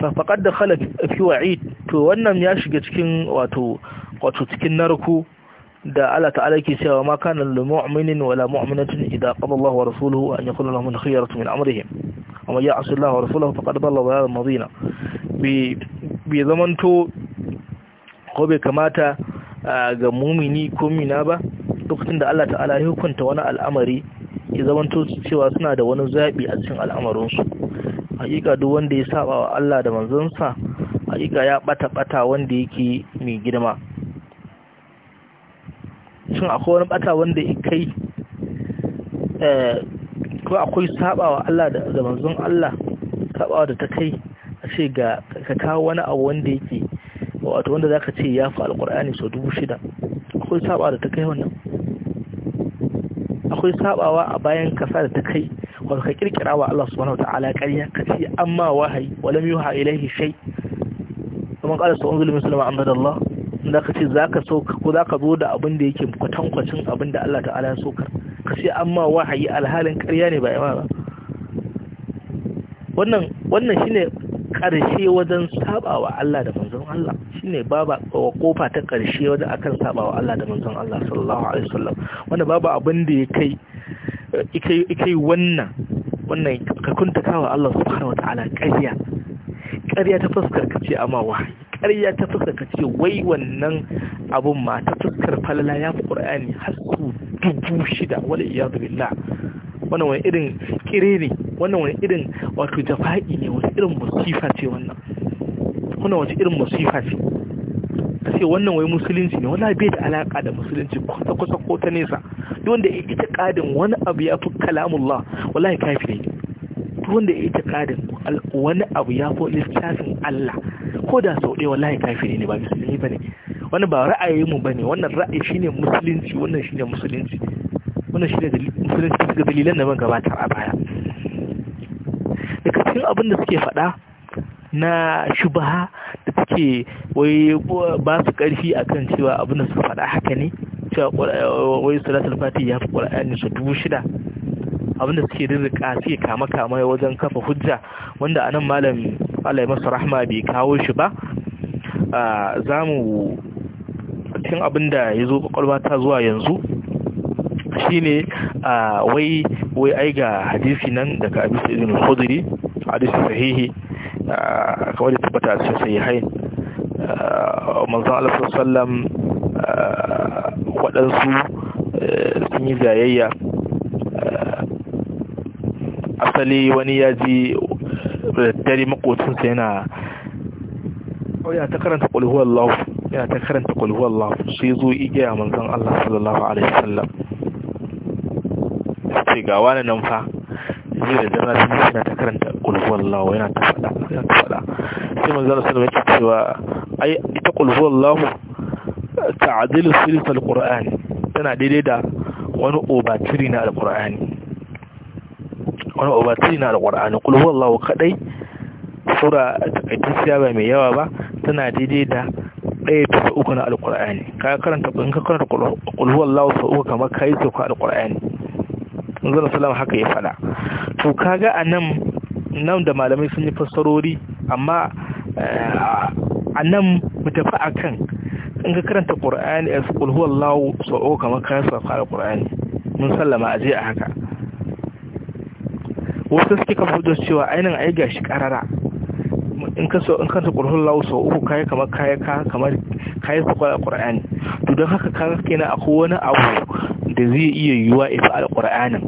fafakar da khala fi wa'id to wannan ya shiga cikin wato wato cikin narko da Allah ta'ala ke cewa ma kana lil mu'minin wala mu'minatin idza qada Allah wa rasuluhu an yakuna lahum khiyaratu min amrihim amma ya'si Allahu wa rasuluhu faqad dalla dhalalan madina bi bi to ko bai kamata ga mumini ko mina ba lokacin da Allah ta'ala ya hukunta wani al'amari ya to cewa suna da wani zabi a cikin su hakika duk wanda ya saba wa Allah da sa hakika ya bata bata wanda yake mai girma mutum akwai wani bata wanda ya kai eh, ko akwai sabawa Allah da manzon Allah sabawa da ta kai a ce ga ka kawo wani abu wanda yake wato wanda zaka ce ya fi alkur'ani so dubu shida akwai sabawa da ta kai wannan akwai sabawa a bayan kasa da ta kai wato ka kirkira wa Allah subhanahu wataala ƙarya ka ce amma wahayi walam yuha ilaihi shay kuma qala sa'udhu billahi min sulama amdadallah na ka ce za ka so ko za ka zo da abin da yake kwatankwacin abin da Allah ta'ala ya saukar ka ce an ma wahayi alhalin ƙarya ne ba yawa ba wannan wannan shine ƙarshe wajen sabawa Allah da manzon Allah shine baba kofa ta ƙarshe wajen akan sabawa Allah da manzon Allah sallallahu alaihi wasallam wanda babu abin da ya kai kai wannan wannan ka kuntatawa Allah subhanahu wataala ƙarya ƙarya ta fuskar kace amma wahayi ƙarya ta fuskar ka ce wai wannan abun ma ta fuskar falala ya fi ƙur'ani har su dubu shida wani iya billah wannan wani irin kire ne wannan wani irin wato jafa'i ne wani irin musifa ce wannan wannan wani irin musifa ce ta ce wannan wai musulunci ne wala bai da alaka da musulunci kusa kusa ko ta nesa duk wanda ya ita kadin wani abu ya fi kalamullah wani kafi ne duk wanda ya ita kadin wani abu ya fi littafin Allah ko da sau ɗaya wallahi kafiri ne ba musulmi ba ne wani ba ra'ayi mu ba ne wannan ra'ayi shine musulunci wannan shine musulunci wannan ne musulunci daga dalilan da ban gabatar a baya daga cikin abin da suke faɗa na shubaha da suke wai ba su ƙarfi kan cewa abin da suka faɗa haka ne cewa wai salatul fati ya fi ƙwararren su dubu shida abinda suke rirrika suke kama kama wajen kafa hujja wanda anan malam Allah ya masa rahma bai kawo shi ba a zamu cikin abin da ya zo kwakwalwa ta zuwa yanzu shine wai wai ai ga hadisi nan daga abisa ibn khudri hadisi sahihi kawai da tabbata a cikin sahihai manzon Allah sallam waɗansu sun yi zayayya asali wani ya ji dare makocinsa yana ya ta karanta ƙulhuwar lauf yana ta karanta ƙulhuwar lauf sai zo igiya a manzan Allah sallallahu Alaihi wasallam ce ga wani nan fa zai da zama su yi ta karanta ƙulhuwar lauf yana ta fada yana ta faɗa sai manzan Allah sallallahu Alaihi cewa ai ita ƙulhuwar lauf ta adilu silifar ƙura'ani tana daidai da wani obatiri na alƙura'ani wani obatiri na alƙur'ani kulhu kadai kaɗai sura takaitacciya ba mai yawa ba tana daidai da ɗaya bisa uku na alƙur'ani ka karanta in ka karanta kulhu Allah sau uku kamar ka yi sauka alƙur'ani zan salama haka ya faɗa to kaga a nan nan da malamai sun yi fassarori amma eh, a nan mu tafi a kan in ka karanta ƙur'ani a kulhu sau uku kamar ka yi sauka alƙur'ani mun sallama a je a haka wasu suke kan hujjar cewa ainihin ai gashi karara in ka so in ka ta qur'an lawo so uku kai kamar kai ka kamar kai su qur'ani to don haka kaga kenan akwai wani abu da zai iya yiwa ifa alqur'anin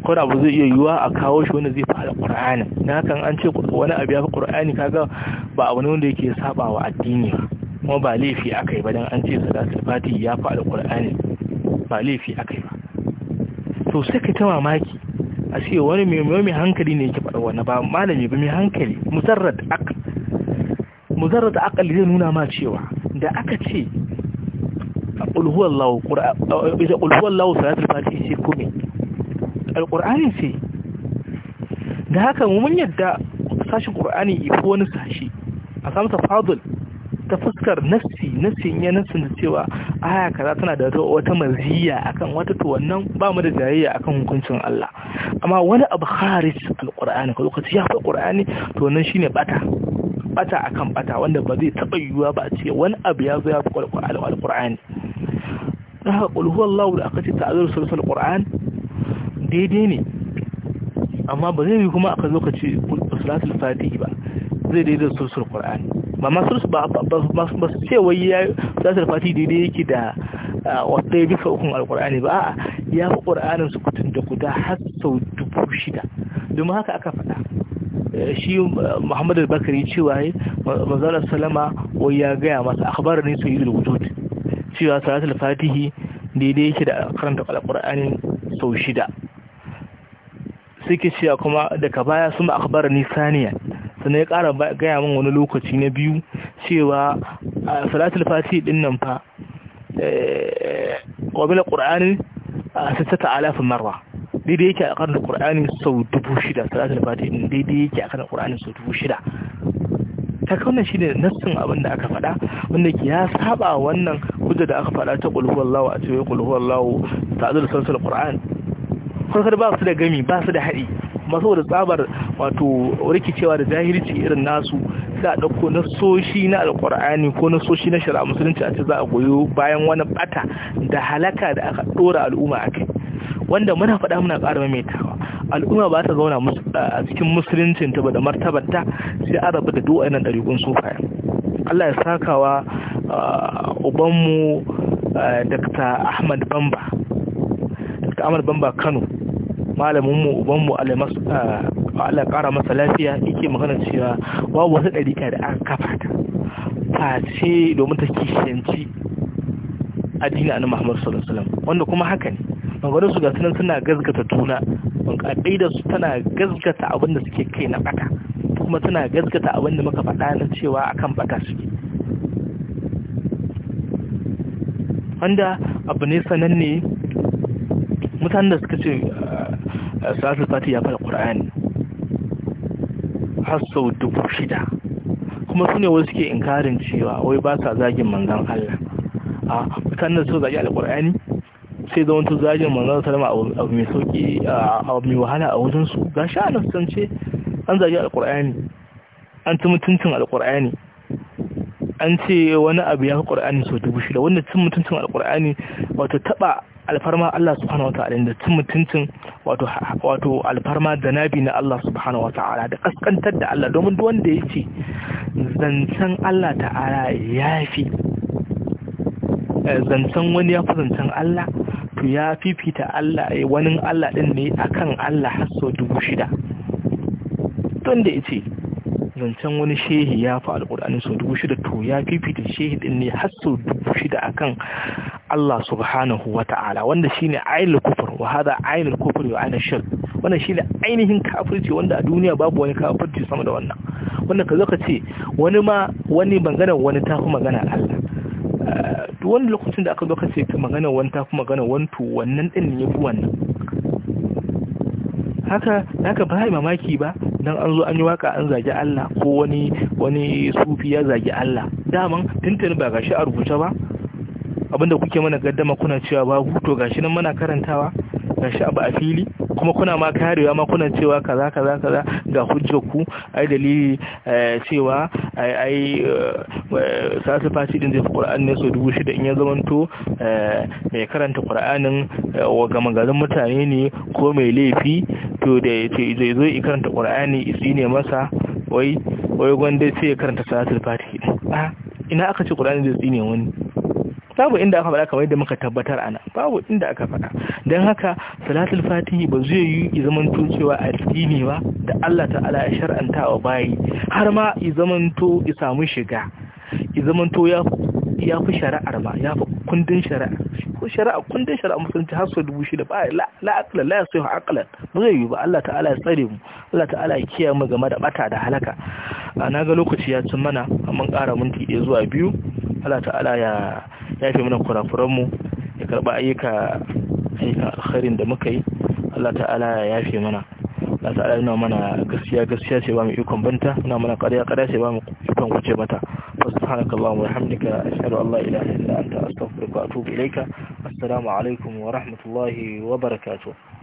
akwai abu zai iya yiwuwa a kawo shi wanda zai fi alqur'anin Na kan an ce wani abu ya fi qur'ani kaga ba abu ne wanda yake wa addini ba kuma ba laifi aka yi ba don an ce salatul fati ya fi alƙur'ani ba laifi aka yi ba to sai ka ta mamaki a ce wani mai hankali ne ke faɗa wani ba malami ba mai hankali muzarrat aql muzarrat zai nuna ma cewa da aka ce a ƙulhuwar lawo salatul fatihi ce kome ƙurani ce da haka mun yadda sashen ƙur'ani ifo wani sashi a samu fadul ta fuskar nafsi nafsin ya da cewa aya kaza tana da wata marziya akan wata tuwannan ba mu da jayayya akan hukuncin Allah amma wani abu kharis alqur'ani ka lokaci ya fi qur'ani to nan shine bata bata akan bata wanda ba zai taba yiwuwa ba a ce wani abu ya zo ya fi alqur'ani da haka qul huwallahu da aka ce ta'azzur sulul qur'an daidai ne amma ba zai yi kuma aka zo ka ce salatul fatihi ba zai daidai sulul qur'ani ba masu ba ba su ce wai ya salatul fatihi daidai yake da ah, wata bisa ukun alqur'ani ba a'a ya fi ƙur'anin su kutun da guda har sau dubu shida domin haka aka faɗa eh, shi eh, muhammadu bakari cewa yi mazalar salama wai ya gaya masa akabarar ne su yi wujud cewa salatul fatihi daidai yake da karanta alƙur'ani sau shida suke cewa kuma daga baya sun ba akabarar ni saniya sannan ya kara gaya min wani lokaci na biyu cewa salatul fatihi din nan fa eh, wa bil qur'ani 6000 marwa. daidai yake a kan alkur'ani sau dubu shida salatul fatihin daidai yake a kan alkur'ani sau dubu shida ta kaunar shi ne nassin abin da aka faɗa wanda ya saba wannan hujja da aka faɗa ta ƙulhuwar lawa a cewa ƙulhuwar lawa ta azul sansul ƙur'an kwakwar ba su da gami ba su da haɗi masu wadda tsabar wato rikicewa da zahirci irin nasu za a ɗauko soshi na alƙur'ani ko nasoshi na shari'a musulunci a ce za a goyo bayan wani ɓata da halaka da aka ɗora al'umma a kai wanda muna faɗa muna ƙara maimaitawa al'umma ba ta zauna a cikin musuluncin ta ba da martabarta sai a rabu da duwa yanar ɗariƙun sufaya Allah ya sakawa ubanmu Dr. Ahmad Bamba Dr. Ahmad Bamba Kano malaminmu ubanmu Allah ƙara masa lafiya yake magana cewa babu wata ɗariƙa da aka kafa ta face domin ta kishiyanci addini annabi Muhammad sallallahu alaihi wasallam wanda kuma haka ne maganin su ga sunan suna gazgata tuna da su tana gazgata abin da suke kai na bata kuma tana gazgata abin da muka faɗa na cewa akan bata suke wanda abu ne sananne mutanen da suka ce ah, salatul fati ya fara ƙura'an har sau dubu shida kuma su ne wasu suke inkarin cewa wai ba sa zagin manzan Allah a ah, mutanen da suka zagi alƙur'ani sai da to zagin manzon salama abu mai sauki abu mai wahala a wajen su ga sha a nasance an zagi alkur'ani an ci mutuncin alkur'ani an ce wani abu ya fi ƙur'ani sau dubu shida wanda cin mutuncin alkur'ani wato taɓa alfarma Allah subhanahu wa ta'ala da cin mutuncin wato alfarma da nabi na Allah subhanahu wa ta'ala da kaskantar da Allah domin duk wanda ya ce zancen Allah ta'ala ya fi eh, zancen wani ya fi zancen Allah to ya fifita Allah ya wani Allah ɗin ne akan Allah har sau dubu shida don da ya ce zancen wani shehi ya fi alƙur'ani sau dubu shida to ya fifita shehi ɗin ne har sau dubu shida akan Allah subhanahu wa ta'ala wanda shine ainihin kufur wa hada ainihin kufur wa ainihin shirk shi shine ainihin kafirci wanda a duniya babu wani kafirci sama da wannan wanda ka zo ka ce wani ma wani bangaren wani tafi magana Allah duk wani lokacin da aka zo kace ka magana wanta kuma magana wanto wannan din ya fi wannan haka haka ba yi mamaki ba dan an zo an yi waka an zage Allah ko wani wani sufi ya zagi Allah daman tuntuni ba gashi a rubuta ba abinda kuke mana gaddama kuna cewa ba to gashi nan muna karantawa gashi abu a fili kuma kuna ma karewa ma kuna cewa kaza kaza kaza ga hujjar ai dalili eh, cewa ai ai eh, sasu fashi din zai Qur'ani ne so dubu shida in ya zamanto eh, mai karanta Qur'anin wa gama garin mutane ne ko mai laifi to da zai zo i karanta Qur'ani isi ne masa wai wai gwanda sai ya karanta sasu fatihi ah, ina aka ce Qur'ani zai tsine wani babu inda aka faɗa kamar yadda muka tabbatar ana babu inda aka faɗa don haka salatul fatihi ba zai yi i zaman to cewa addini ba da Allah ta'ala ya shar'anta wa bayi har ma ya zaman to i samu shiga i zaman to ya ya fi shari'ar ma ya fi kundin shari'a ko shari'a kundin shari'a musulunci har su dubu shida ba la'aqlan la yasihu aqlan ba zai yi ba Allah ta'ala ya tsare mu Allah ta'ala ya kiyaye mu game da bata da halaka na ga lokaci ya cin mana amma ƙara minti ɗaya zuwa biyu Allah ta'ala ya ya fi mana kurakuranmu ya karba ayyuka alkhairin da muka yi Allah ta'ala ya yafe mana Allah ta'ala yana mana gaskiya gaskiya ce ba mu ikon banta yana mana ƙarya ƙarya ce ba mu ikon wuce mata subhanaka allahumma wa bihamdika ashhadu an la ilaha illa anta astaghfiruka wa atubu ilayka assalamu alaikum wa rahmatullahi wa barakatuh